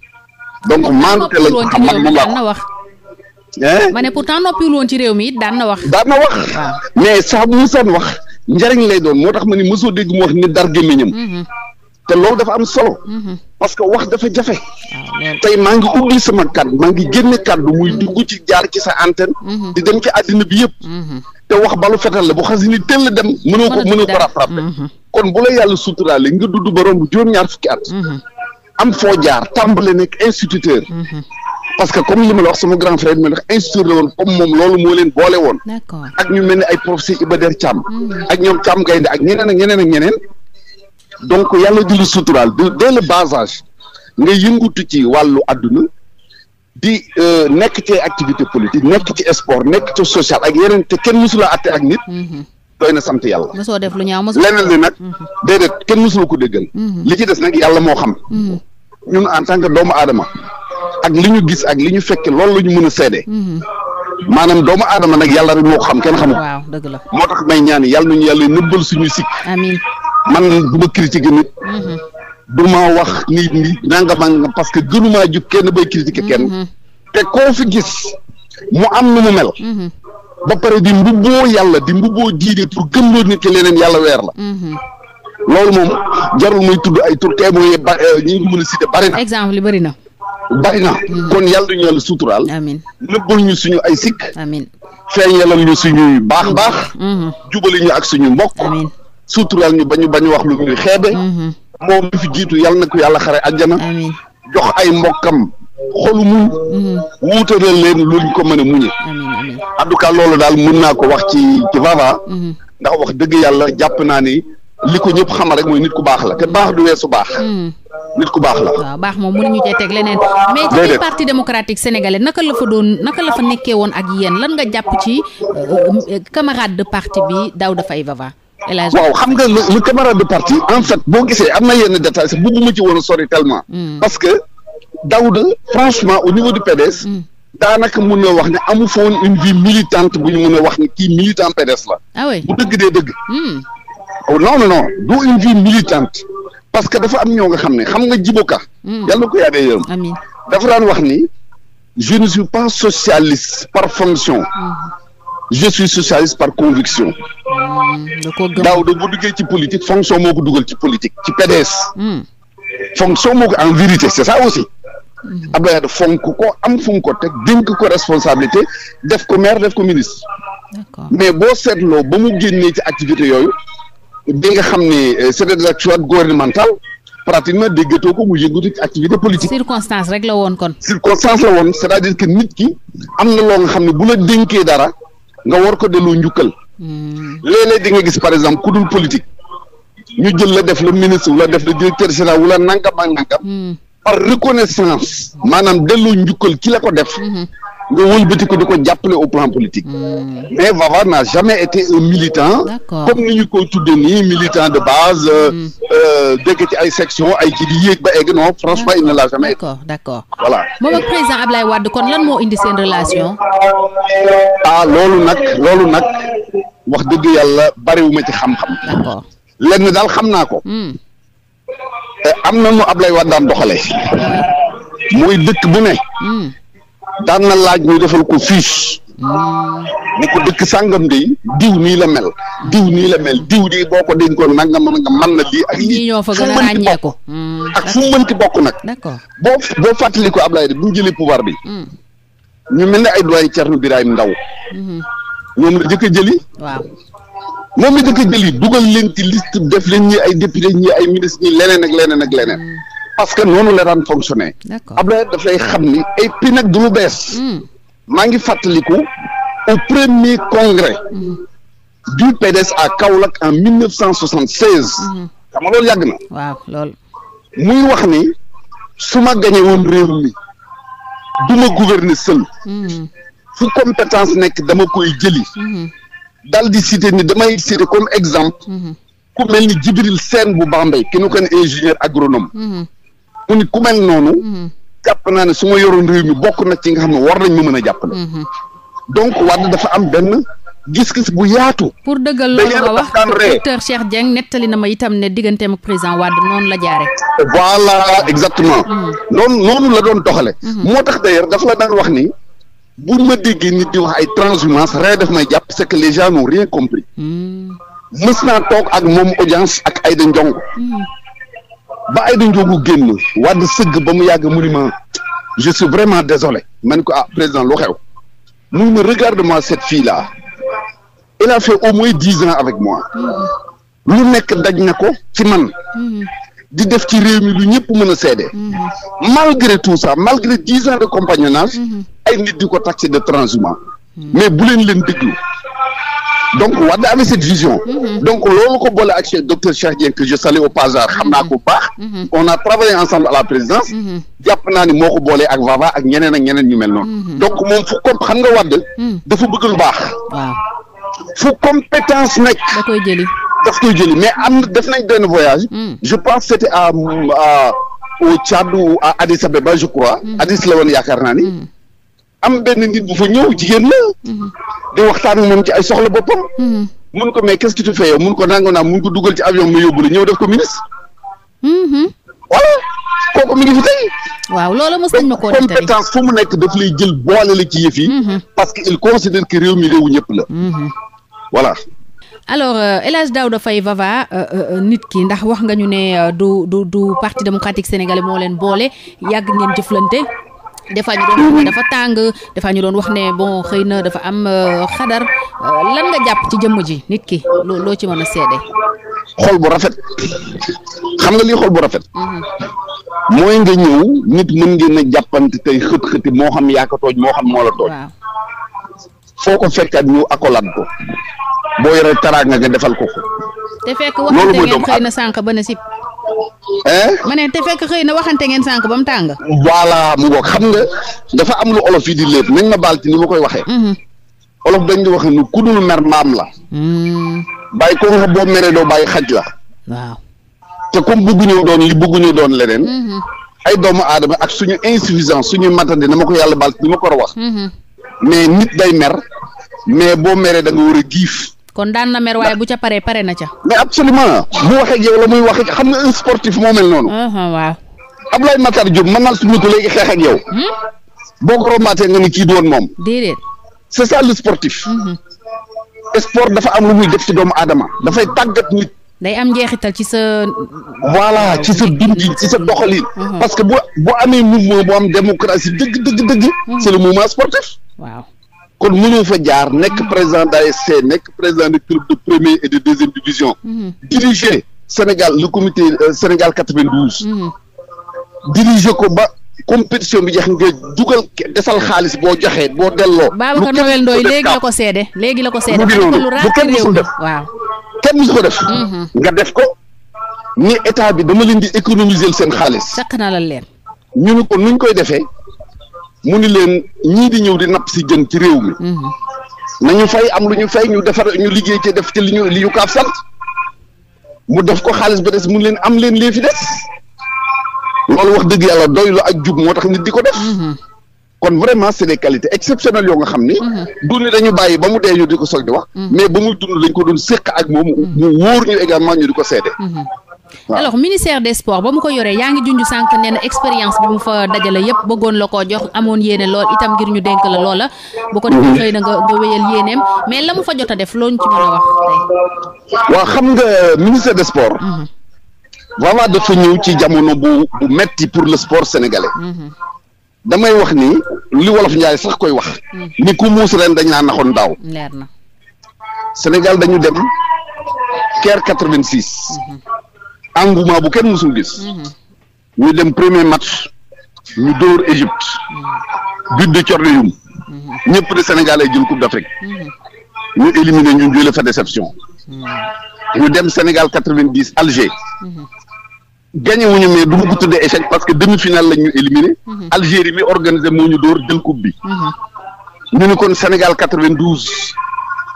donc maante lañ ko xam man moom laa ko ma ne pourtant noppiwul woon ci réew mi it daan na wax. daan na wax mais saa bu musaan wax njariñ lay doon moo tax ma ni mosoo dégg mu wax nit dar gémmiñam. Mhm. te loolu dafa am solo. Mhm. parce que wax dafa jafe. tey maa ngi ubbi sama kàddu maa ngi génne kàddu muy dugg ci jaar ci sa antenne. di dem ci àddina yëpp. te wax balu fetal la bu xas ni teel dem. mënoo ko mënoo ko rattrapé. Mhm. kon bu la yàlla suturaale nga dudd ba romb juróom-ñaar fukki at. Mhm. am foo jaar tàmbale nekk instituteur. Mhm. parce que comme li ma la wax sama grand frère mi la wax instituteur la woon comme moom loolu moo leen boole woon. ak ñu mel ni ay professeur Iba Der Thiam. ak ñoom Thiam Gaynde ak ñeneen ak ñeneen ak ñeneen. donc yàlla di la suturaal dès le bas âge nga yëngutu ci wàllu àdduna di euh, nekk ci activité politique nekk ci sport nekk ci social ak yeneen te kenn mësula àtte ak nit mhm. doy na sant yàlla mosoo def lu ñaaw mosoo leneen li nag mhm. déedéet kenn mësula ko déggal mhm. li ci des nag yàlla moo xam ñun en tant que doomu aadama ak li ñu gis ak li ñu fekke loolu la ñu mën a seede maanaam doomu aadama nag yàlla rek moo xam kenn xamul moo tax may ñaan yàlla nañu yàlla nëbbal suñuy sikk amiin man du ma nit du ma wax nit ñi nangamang parce que gënu maa jub kenn bay critiquer kenn. Mm-hmm. te koo fi gis mu am nu mu mel. Mm-hmm. ba pare di mbubboo yàlla di mbubboo diine pour gëmloo nit ki leneen yàlla weer la. Mm-hmm. loolu moom jarul muy tudd ay tur te mooy ba euh, ñi ngi mën a citer bari na. li bari na. bari na. kon yàlla ñu yàlla suturaal. amiin nëbbal ñu suñu ay sikk. amiin feeñalal ñu suñuy baax baax. jubali ñu ak suñu mbokk. amiin suturaal ñu ba bañ wax lu ñuy xeebe. moom bi fi jiitu yàlla na ko yàlla xare àjjana jox ay mbokkam xolu muñ mm. leen luñ ko mën a muñe en tout cas loolu daal mën naa ko wax ci ci Vava mm-hmm. ndax wax dëgg yàlla jàpp naa ni li ko ñëpp xamal rek mooy nit ku baax la te baax du weesu baax mm. nit ku baax la waaw baax moom mënuñu cee teg leneen mais ci biir parti démocratique sénégalais naka la fa doon naka la fa nekkee woon ak yéen lan nga jàpp ci euh, euh, camarade de parti bi Daouda Faye Vava waaw xam nga le camarade de parti en fait boo gisee am na yenn détails sax bëgguma ci woon a sori tellement. Hmm. parce que Daouda franchement au niveau du PDS. Hmm. daanaka mun noo wax ne amu fa woon une vie militante bu ñu mun a wax ni kii militant PDS la. Ah bu dëgg dee dëgg. Hmm. Oh, non non non du une vie militante. parce que dafa am ñoo nga xam ne xam nga jiboka. yàlla na ko yaa dee dafa daan wax ni je ne suis pas socialiste par fonction. je suis socialiste par conviction. daaw da bu duggee ci politique fonction moo ko dugal ci politique ci PDS. Hmm. fonction moo ko en vérité c'est ça aussi. Hmm. Abdoulaye Wade ko am fu ko teg dénk ko responsabilité def ko maire def ko ministre. mais boo seetloo ba mu génnee ci activité yooyu bi xam ne euh, c'est des actions gouvernementales pratiquement déggatoo ko mu yëngatu ci activité politique. circonstance rek la woon kon. circonstance la woon cest à que nit ki am na loo nga xam ne bu la dénkee dara. nga war ko delloo njukkal. Hmm. léeg di nga gis par exemple ku dul politique ñu jël la def la ministre wala def la directeur général wala nangam ak nangam. Hmm. par reconnaissance. maanaam dellu njukkal ki la ko def. Hmm. nga wëlbati ko di ko jàppale au plan politique. Hmm. mais Vavard n'a jamais été un militant. comme ni ñu koy tuddee nii militant de base. Euh, hmm. euh, dëkk ci ay section ay kii di yéeg ba egg non franchement il ne l'a jamais été. d'accord d'accord voilà. moom ak président Ablaye kon lan moo indi seen relation. ah loolu nag loolu nag wax dëgg yàlla bariwuma ci xam-xam. lenn daal xam naa ko. Hmm. Eh, am na nu Ablaye Wade daan doxalee. mooy dëkk bu ne. daan na laaj muy defal ko fiche ni ko dëkk sàngam de diw nii la mel diw nii la mel diw nii boo ko dénkoon nag nga mën nga mën na lii ak lii a ràññee ko ak hmm, fu mënti bokk nag boo boo fàttali ko Ablaye de bu ñu jëlee pouvoir bi hmm. ñu mel ne ay doyen Thierno Birahim Ndaw ñoom hmm. la jëkk a jëli waaw moom la jëkk a jëli dugal leen ci liste def leen ñi ay député ñi ay ministre ñi leneen ak leneen ak leneen parce que noonu la daan fonctionner. Abdoulaye daf lay xam ni ay pi nag du lu bees. Hmm. maa ngi fàttaliku au premier congrès. Hmm. du PDS à Kaolack en 1976. Hmm. xam nga loolu yàgg na. waaw lool muy wax ni su ma gañe woon mi du ma gouverner seul. fu compétence nekk dama koy jëli. dal di citer ni damay citer comme exemple. ku mel ni Djibril Sène bu Bambey ki nu kan ingénieur agronome. jàpp nit ku mel noonu. Mm-hmm. jàpp naa ne su ma yoroon réew mi bokk na ci nga xam ne war nañ ma mën a jàpp jàppale. Mm-hmm. donc Wade dafa am benn gis-gis bu yaatu. pour dëggal loolu nga wax docteur Cheikh Dieng nettali na ma itam ne digganteem ak président Wade noonu la jaare voilà exactement. Mm-hmm. noonu noonu la doon doxale moo tax d'ailleurs dafa la daan wax ni. bu ma déggee nit di wax ay transhumance ree daf may jàpp c'est que les gens n'ont rien compris. mës naa toog ak moom audience ak Aïda Ndiongo. ba ay da njóogu génn wadd sëgg ba mu yàgg mu ni ma je suis vraiment désolé man ko ah président lu xew mu ma regarde moi cette fille là elle a fait au moins dix ans avec moi lu nekk daj na ko ci man di def ci réew mi lu ñëpp mën a seede malgré tout ça malgré dix ans de compagnonnage mhm. ay nit di ko taxé de transhumant mais bu leen leen déglu donc mm-hmm. Wade avait cette vision mm-hmm. donc loolu ko boole ak docteur Cheikh Dieng que je salue au passage xam na mm-hmm. ko baax on a travaillé ensemble à la présidence jàpp naa ni moo ko boolee ak Vava ak ñeneen ak ñeneen ñu mel noonu donc moom fu comme xam nga Wade mm. dafa bëgg lu baax fu compétence nekk da koy jëli daf koy jëli mais am na def nañ benn voyage mm. je pense c'était à au Tchad ou à Addis Abeba je crois mm. Addis la woon yaakaar naa ni am benn nit bu fa ñëw jigéen la. Mhm. di waxtaan moom ci ay soxla boppam. Mhm. mun ko mais qu'est-ce que tu fais mun ko nangoo naa mun ko dugal ci avion ma yóbbu la ñëw def ko ministre. Mhm. voilà koo mi ngi fi waaw loolu mos nañ ma koo nettali compétence mu nekk daf lay jël boole la ci yëf yi. parce que il considère que réew mi réewu ñëpp la. voilà. alors euh, El Hadj Daouda Faye Vava euh, euh, nit ki ndax wax nga ñu ne du du du parti démocratique sénégalais moo leen boole yàgg ngeen jëflante. des fois ñu doon dafa tàng des ñu doon wax ne bon xëy na dafa am euh, xadar euh, lan nga jàpp ci jëmm ji nit ki loo ci mën a seede. xol bu rafet xam nga lii xol bu rafet. Mhm. mooy nga ñëw nit mën ngeen a jàppante tey xët xëti moo xam yaa ko tooj moo xam moo la tooj. foo ko fekk ak ñu akolaat ko boo yore taraanga nga defal ko ko. te fekk waxante ngeen xëy na sànq ba na ma ne fekk xëy na waxante ngeen sànq ba mu tàng. voilà mu ngoog xam nga dafa am lu olof yi di lépp nañ ma baal ci ni ma koy waxee. Mm-hmm. olof dañ di wax ni ku dul mer maam la. Mm. bàyyi koo nga boo meree doo bàyyi xaj la. waaw te comme bëgguñu doon li bëgguñu doon leneen. Mm-hmm. ay doomu aadama ak suñu insuffisance suñu matandi na ma ko yàlla baal ni ma ko war wax. Mm-hmm. mais nit day mer mais boo meree da nga war a giif. kon daan na mer waaye bu ca paree pare na ca. mais absolument bu waxee yow la muy wax xam nga un sportif moo mel noonu. waaw. Ablaye Matar Diop mën naa su ma léegi xeex ak yow. Hmm? boo ko rombaatee nga ne kii doon moom. déedéet. c' est ça le sportif. Hmm. dafa am lu muy def ci doomu aadama. dafay tàggat nit. day am njeexital ci sa. voilà ci sa dundin ci sa doxalin. Hmm. parce que boo bu amee mouvement bu am démocratie dëgg dëgg dëgg. c' est sportif. waaw kon mënoo fa jaar nekk président d'ASC nekk président de club de première et de deuxième division. Mhm. diriger Sénégal le comité euh, Sénégal 92. Mhm. diriger ko ba. compétition bi jeex nga dugal desal xaalis boo joxee boo delloo. Babacar Noël Ndoye léegi la ko seede léegi la ko seede. bu kenn musul def waaw. kenn musu ko def. Mhm. nga def ko ni état bi dama leen di économiser seen xaalis. sakkanalal leen. ñu ne ko ñu koy defee mu ni leen ñii di ñëw di napp si jën ci réew mi mhm. nañu fay am lu ñu fay ñu defar ñu liggéey ci def ci li ñu li ñu kaaf sant mu def ko xaalis ba des mu leen am leen lee fi des loolu wax dëgg yàlla doy lu ak jub moo tax nit di ko def mhm. kon vraiment c'est des qualités exceptionnelles yoo nga xam ni mhm. du ni dañu bàyyi ba mu dee ñu di ko soog di wax mais ba mu dund dañ ko doon séq ak moom mu wóor ñu également ñu di ko seede alors ministère des sports ba mu ko yoree yaa ngi junj sànq nee na expérience bi mu fa dajale yépp bëggoon la koo jox amoon yéene lool itam ngir ñu dénk la loola bu ko defee xëy na nga nga wéyal yéeneem mais la mu fa jot def looñu ci mën a wax tey. xam nga ministère des sports. Mhm. vraiment dafa ñëw ci jamono bu bu metti pour le sport sénégalais. Mhm. damay wax ni li wolof Njaay sax koy wax. Mhm. ni ku muus ren dañ laa naxoon daaw. leer na Sénégal dañu dem. Caire engouement bu kenn mësul gis. ñu mhm. dem premier match ñu dóor Égypte. Mhm. but de Corneillum. Mhm. ñëpp de Sénégal ay jël coupe d'Afrique. ñu éliminer ñu jëlee fa déception. ñu dem Sénégal quatre-vingt-dix Alger. gagné wuñu mais du ma ko tuddee échec parce que demi-finale lañ ñu éliminé. Algérie mi organisé moo ñu dóor jël bi. ñu ni kon Sénégal quatre-vingt-douze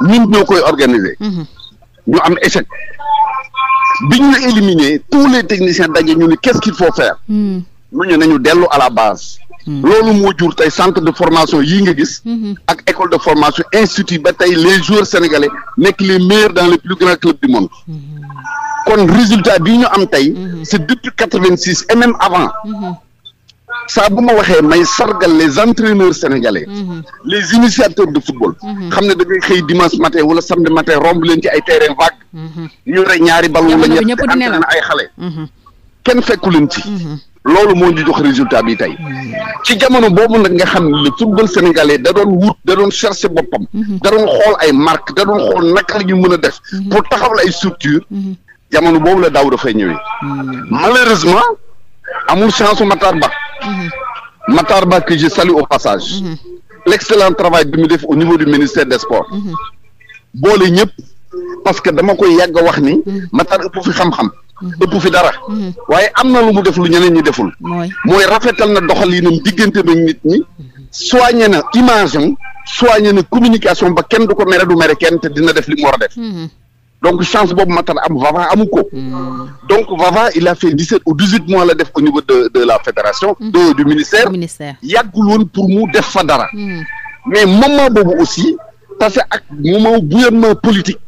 ñun ñoo koy organisé. ñu am échec. bi ñu la éliminer tous les techniciens daje ñu ni qu'est-ce qu'il faut faire hmm. ñu ne nañu dellu à la base hmm. loolu moo jur tey centre de formation yii nga gis hmm, ak école de formation institut ba tey les joueurs sénégalais nekk les meilleurs dans les plus grands clubs du monde kon résultat bi ñu am tey c'est depuis quatre-vingt-six et même avant saa bu ma waxee may sargal les entraîneurs sénégalais. Mhm. les initiateurs de football. Mhm. xam ne da ngay xëy dimanche matin wala samedi matin romb leen ci ay terrain vague. Mhm. ñu ñaari bal wala ñett entraîné ay xale. kenn fekku leen ci. loolu moo ñu jox résultat bi tey ci jamono boobu nag nga xam ne le football sénégalais da doon wut da doon chercher boppam. da doon xool ay marque da doon xool naka la mën a def. pour taxawal ay structure jamono boobu la daaw dafay amul chance Matar Ba mhm. Matar Ba que je salue au passage mhm. l'excellent travail bi mu def au niveau du ministère des sports mhm. boole ñëpp parce que dama koy yàgg wax ni Matar ëpp fi xam-xam ëpp fi dara waaye am na lu mu def lu ñeneen ñi deful mooy rafetal na doxalinam diggante na nit ñi soigné na image am soigné na communication ba kenn du ko mere du mere kenn te dina def li mu war a def donc chance boobu Matar am Vavant amu ko. Hmm. donc Vavant il a fait dix sept ou dix huit mois la def ko niveau de de la fédération. Hmm. de du ministère ministère. yàggul woon pour mu def fa dara. Hmm. mais moment boobu aussi parce que ak moment bouillonnement politique.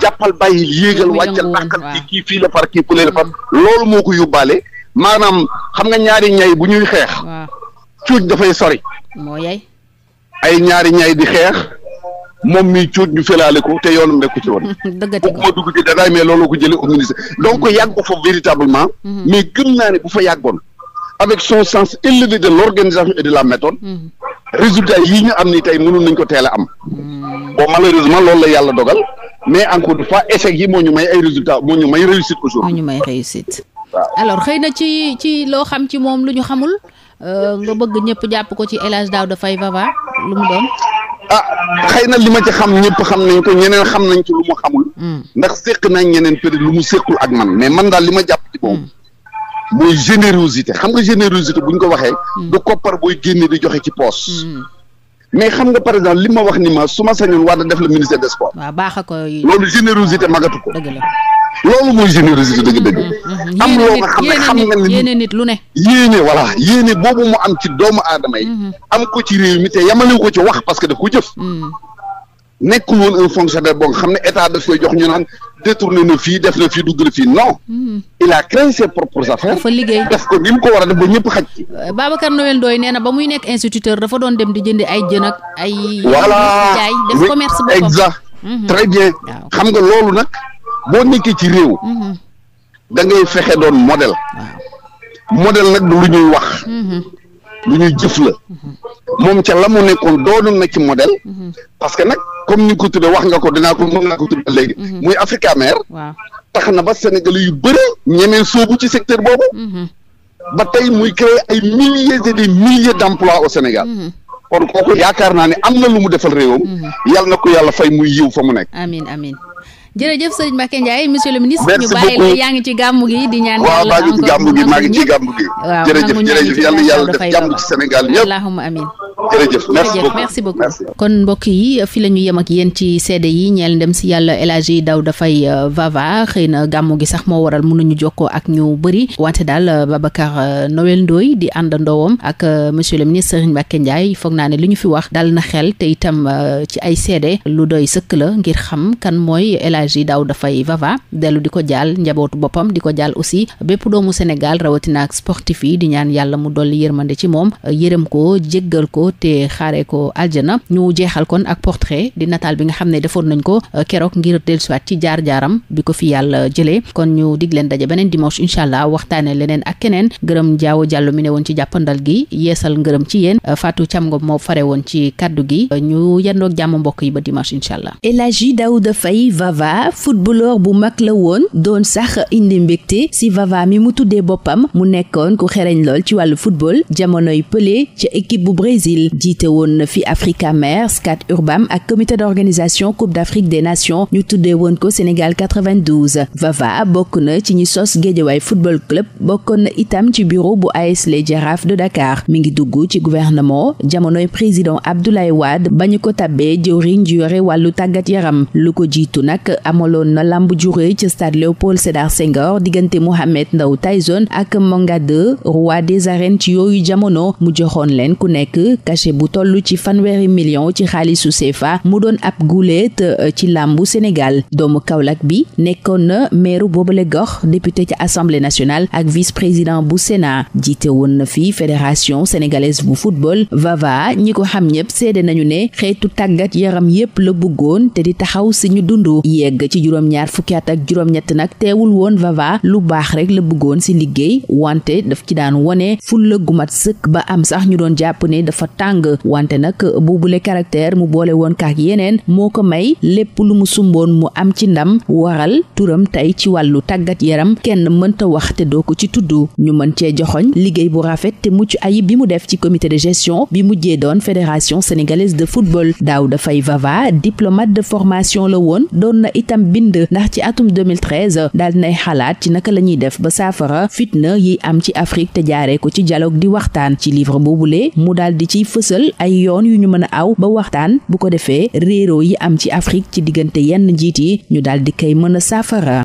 jàppal bàyyi yéegal wàccal àqal ci kii fii la far kii fële la far loolu moo ko yóbbaale maanaam xam nga ñaari ñay bu ñuy xeex. cuuj dafay sori. moo ay ñaari ñay di xeex. moom mii cuut ñu felaale ko te yoonu nekku ci woon. dëgg la ma dugg ci danaay mais looloo ko jëlee au ministère. donc mm-hmm. yàgg fa véritablement. Mm-hmm. mais gëm naa ne bu fa yàggoon. avec son sens élevé de l'organisation et de la méthode. Mm-hmm. résultat yii ñu am ni tey mënoon nañ ko teel a am. bon malheureusement loolu la yàlla dogal mais encore une fois yi moo ñu may ay résultats moo ñu may réussite aujourd'hui. moo ñu may réussite. alors xëy na ci ci loo xam ci moom lu ñu xamul euh, nga bëgg ñëpp jàpp ko ci El Hadj Daouda Faye Vava lu ah xëy na li ma ci xam ñëpp xam nañ ko ñeneen xam nañ ci lu mu xamul. Hmm. ndax séq nañ ñeneen peut lu mu séqul ak man mais man daal li ma jàpp ci moom. Hmm. mooy générosité xam nga générosité bu ñu ko waxee. Hmm. du koppar booy génne di joxe ci poos. mais xam nga par exemple li ma wax ni ma su ma sañoon war na def la ministère des sports. waaw baax a ko loolu générosité magatu ko. dëgg la. loolu mooy générosité dëgg-dëgg. Mm-hmm. am nit lu ne. yéene voilà yéene boobu mu am ci doomu aadama yi. Mm-hmm. am ko ci réew mi te yamalewu ko ci wax parce que daf ko jëf. Mm. nekkul woon un fonctionnaire boo nga xam ne état daf koy jox ñu naan détourné na fii def na fii dugg na fii non. Mm-hmm. il a créé ses propres affaires. dafa liggéey def ko ni ko war def ba ñëpp xaj. Euh, Babacar Noël Ndoye nee na ba muy nekk instituteur dafa doon dem di jëndi ay jën ak ay. voilà jaay def commerce boppam. exact très bien xam nga loolu nag. boo nekkee ci réew. Mhm. da ngay fexe doon modèle. model nag du lu ñuy wax. Mhm. lu ñuy jëf la. Mhm. moom ca la mu nekkoon doonoon na ci modèle. parce que nag comme ni ko tuddee wax nga ko dinaa ko mën naa ko tuddee léegi. muy Africamer. waaw tax na ba Sénégalais yu bëri ñemee soobu ci secteur boobu. ba tey muy créer ay milliers et des milliers d'emplois au Sénégal. kon kooku yaakaar naa ne am na lu mu defal réewam. yàlla na ko yàlla fay muy yiw fa mu nekk. amiin amiin. jërëjëf sëriñ Mbacke Ndiaye monsieur le ministre ñu bàyyi la yaa ngi ci gàmmu gi di ñaan yàlla waaw ngi ci gàmmu gi maa ngi ci gàmmu gi waaw jërëjëf ci Sénégal ñëpp allahumma amin mbokk yi fi la ñu yem ak yéen ci seede yi ñeel ndem si yàlla élage yi daw dafay euh, Vava xëy na gàmmu gi sax moo waral mënuñu jokkoo ak ñu bari wante daal euh, Babacar euh, Noël Ndoye di àndandoowam ak monsieur le ministre sëriñ Mbacke Ndiaye foog naa ne li ñu fi wax dal na xel te itam ci ay seede lu doy sëkk la ngir xam kan mooy Elhadji Daouda Faye Vava dellu di ko jaal njabootu boppam di ko jaal aussi bépp doomu Sénégal rawatina ak sportif yi di ñaan yàlla mu dolli yërmande ci moom yërëm ko jéggal ko te xaare ko aljana ñu jeexal kon ak portrait di nataal bi nga xam ne defoon nañ ko euh, keroog ngir dellusiwaat ci jaar-jaaram bi ko fi yàlla jëlee kon ñu dig leen daje beneen dimanche incha allah waxtaane leneen ak keneen gërëm jaawo jàll mi ne woon ci jàppandal gi yeesal ngërëm ci yéen euh, Fatou Thiam Ngom moo fare woon ci kaddu gi euh, ñu yendoog jàmm mbokk yi ba dimanche incha allah Vava footballeur bu mag la woon doon sax indi mbégte si Vava mi mu tuddee boppam mu nekkoon ku xereñ lool ci wàllu football jamonoy Pelé ca équipe bu Brésil jiite woon na fi Africa Mer Scat Urbam ak comité d'organisation coup d'Afrique des Nations ñu tuddee woon ko Sénégal 92 Vava bokk na ci ñi sos Guédiawaye football club bokkoon na itam ci bureau bu AS Les Jaraaf de Dakar mi ngi dugg ci gouvernement jamonoy président Abdoulaye ba ñu ko tabbee jëwriñ ju yore wàllu tàggat yaram lu ko amaloon na lamb ju rëy ci stade Léopold Sédar Senghor diggante Mohamed Ndao Tyson ak Manga 2 roi des arènes ci yooyu jamono mu joxoon leen ku nekk cachet bu toll ci fanweeri million ci xaalisu CFA mu doon ab guleet euh, ci làmbu Sénégal doomu Kaolack bi nekkoon na maire boobale gox député ci assemblée nationale ak vice-président bu Sénat jiite woon na fi fédération sénégalaise bu football vava ñi ko xam ñëpp seede nañu ne xeetu tàggat yaram yépp la bëggoon te di taxaw si ñu dund yegg ci juróom-ñaar fukki ak juróom-ñett nag teewul woon Vava lu baax rek la bëggoon si liggéey wante daf ci daan wone fulla gu sëkk ba am sax ñu doon jàpp ne dafa tàng wante nag boobule caractère mu boole woon kaak yeneen moo ko may lépp lu mu sumboon mu am ci ndam waral turam tey ci wàllu tàggat yaram kenn mënta wax te doo ko ci tudd ñu mën cee joxoñ liggéey bu rafet te mucc ayib bi mu def ci commité de gestion bi mujjee doon fédération sénégalaise de football daaw dafay Vava diplomate la itam bind ndax ci atum 2013 daal nay xalaat ci naka la ñuy def ba saafara fitna yi am ci Afrique te jaaree ko ci jaloog di waxtaan ci livre lee mu daal di ciy fësal ay yoon yu ñu mën a aw ba waxtaan bu ko defee réeroo yi am ci Afrique ci diggante yenn njiit yi ñu daal di koy mën a saafara